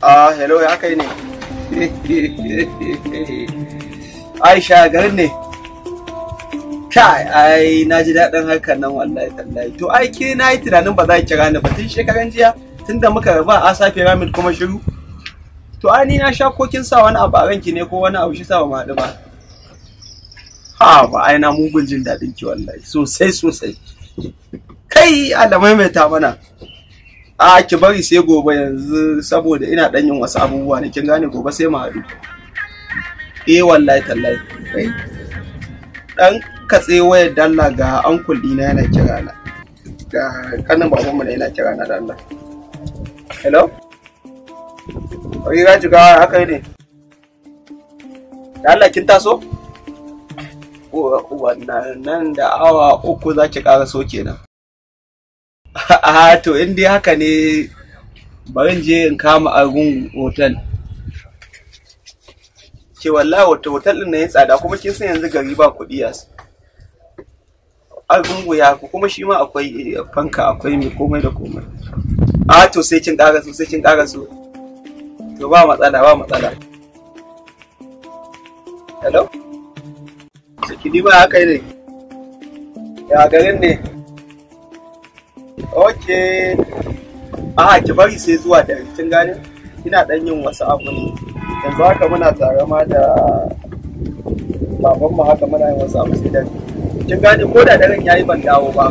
Ah, hello, ya kai ne. Aisha garin ne. Kai, ai, na ji daɗin hakan nan wallahi tallahi. To, ai, ki na yi tunanin ba za ki kira ni ba tun shekaran jiya, tunda muka raba a safe ramin kuma shiru. To, ai, ni na sha ko kin sa wani abu a ranki ne ko wani abu shi sa ba ma ba. Ha, ba, ai, na mugun jin daɗin ki wallahi, sosai sosai. Kai, alamai mai ta mana. a ki bari sai gobe yanzu saboda ina dan yin wasu abubuwa ne kin gane gobe sai mu haɗu eh wallahi tallahi dan katse wayar dalla ga ankul dina yana kira na ga kanin mu ne yana kira na dalla hello Rira jigawa haka ne. dalla kin taso? Wannan nan da awa uku za ki ƙara so kenan. Ah, to in dai haka ne bari je in kama agun hotel ke wallahi wata hotel din na yin tsada kuma kin san yanzu gari ba kuɗi su. agun ya ku kuma shi ma akwai eh, fanka akwai mai komai da komai Ah, to sai kin ƙara so sai kin ƙara so to ba matsala ba matsala hello ki ba haka ne ya garin ne ok a ki bari sai zuwa da kin gane ina dan yin wasu abu ne yanzu haka muna tare ma da baban mu haka muna yin wasu abu sai da kin gane ko da daren yayi ban dawo ba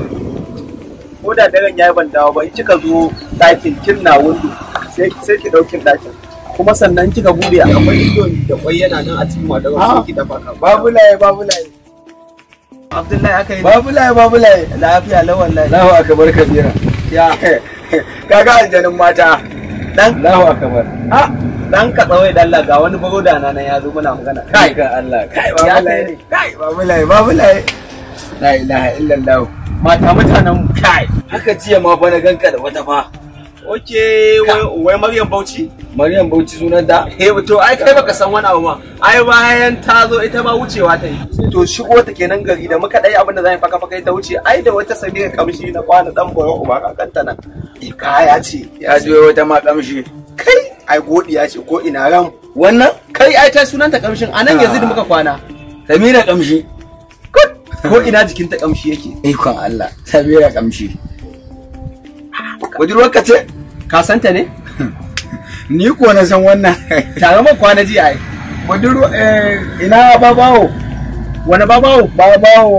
ko da daren yayi ban dawo ba in kika zo ɗakin kin na windo sai sai ki daukin ɗakin kuma sannan kika bude akwai ido da kwai yana nan a cikin wadar sai ki dafa ka babu laye babu laye Abdullahi aka yi. Babu babulaye. Lafiya lawan lafiya. Lahu akabar kabira. Ya kaga aljanin mata. Dan Lahu akabar. Ah dan ka tsawai dan ga wani bagoda na nan ya zo muna magana. Kai ka Allah. Kai lai. Kai babulaye lai. La ilaha illallah. Mata mutanen kai. Haka jiya ma gan na ganka da wata fa. Ok, wai Maryam Bauchi? Maryam Bauchi sunan da? Eh to ai kai baka san wani abu ma. Ai bayan ta zo ita ma wucewa ta yi. To shigo ta kenan gari da muka dai abin da zan faka faka ta wuce. Ai da wata Samira kamshi na kwana dan boyo uba kakanta nan. E, Kaya ce. Ya je wata ma kamshi. Kai ai godiya ce ko ina ran. Wannan kai ai ta sunanta kamshin anan yanzu da muka kwana. Samira kamshi. Ko ina jikinta kamshi yake. Ikon Allah. Samira kamshi. Budurwarka ce? ka santa ne ni ko na san wannan tare ma kwana ji ai eh ina babawo wani babawo babawo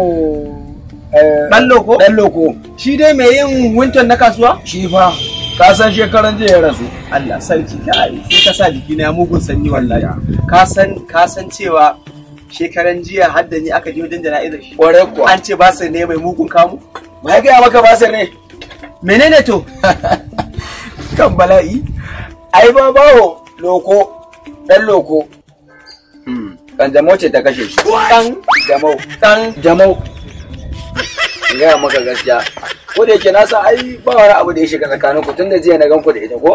eh, dan loko dan loko shi dai mai yin winton na kasuwa shi fa ka san shekaran jiya ya rasu Allah sarki kai sai ka sa jiki na mugun sanyi wallahi ka san ka san cewa shekaran jiya hadda ni aka je wajen jana'izar shi kware ko an ce ba sai ne mai mugun kamu ba ya ga maka ba sai ne menene to kan bala'i ai ba bawo loko dan loko hmm. kan jamo ce ta kashe shi kan jamo kan jamo gaya maka gaskiya ko da yake na san ai ba wani abu da ya shiga tsakanin ku tunda jiya na gan ku da ita ko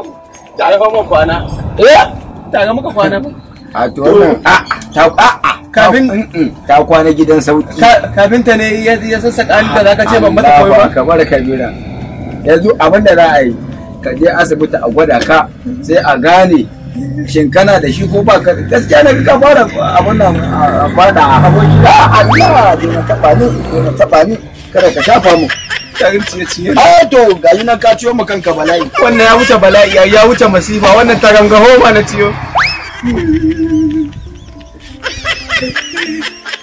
ta ga maka kwana eh ta ga muka kwana a to a ta a a kafin mm, mm. ta kwana gidan sauki kafin ta ne ya sassa an da zaka ce ban mata koyo ba kamar kabira yanzu abin da za a yi ka je asibiti a gwada ka sai a gane shin kana da shi ko ba ka gaskiya ne ka fara abun nan fada a aboki da ah, Allah ne taba ni ne taba ni kada ka shafa mu a eh, to gayi nan ka ciyo mu kanka bala'i wannan ya wuce bala'i ya wuce masifa wannan ta ganga homa na ciyo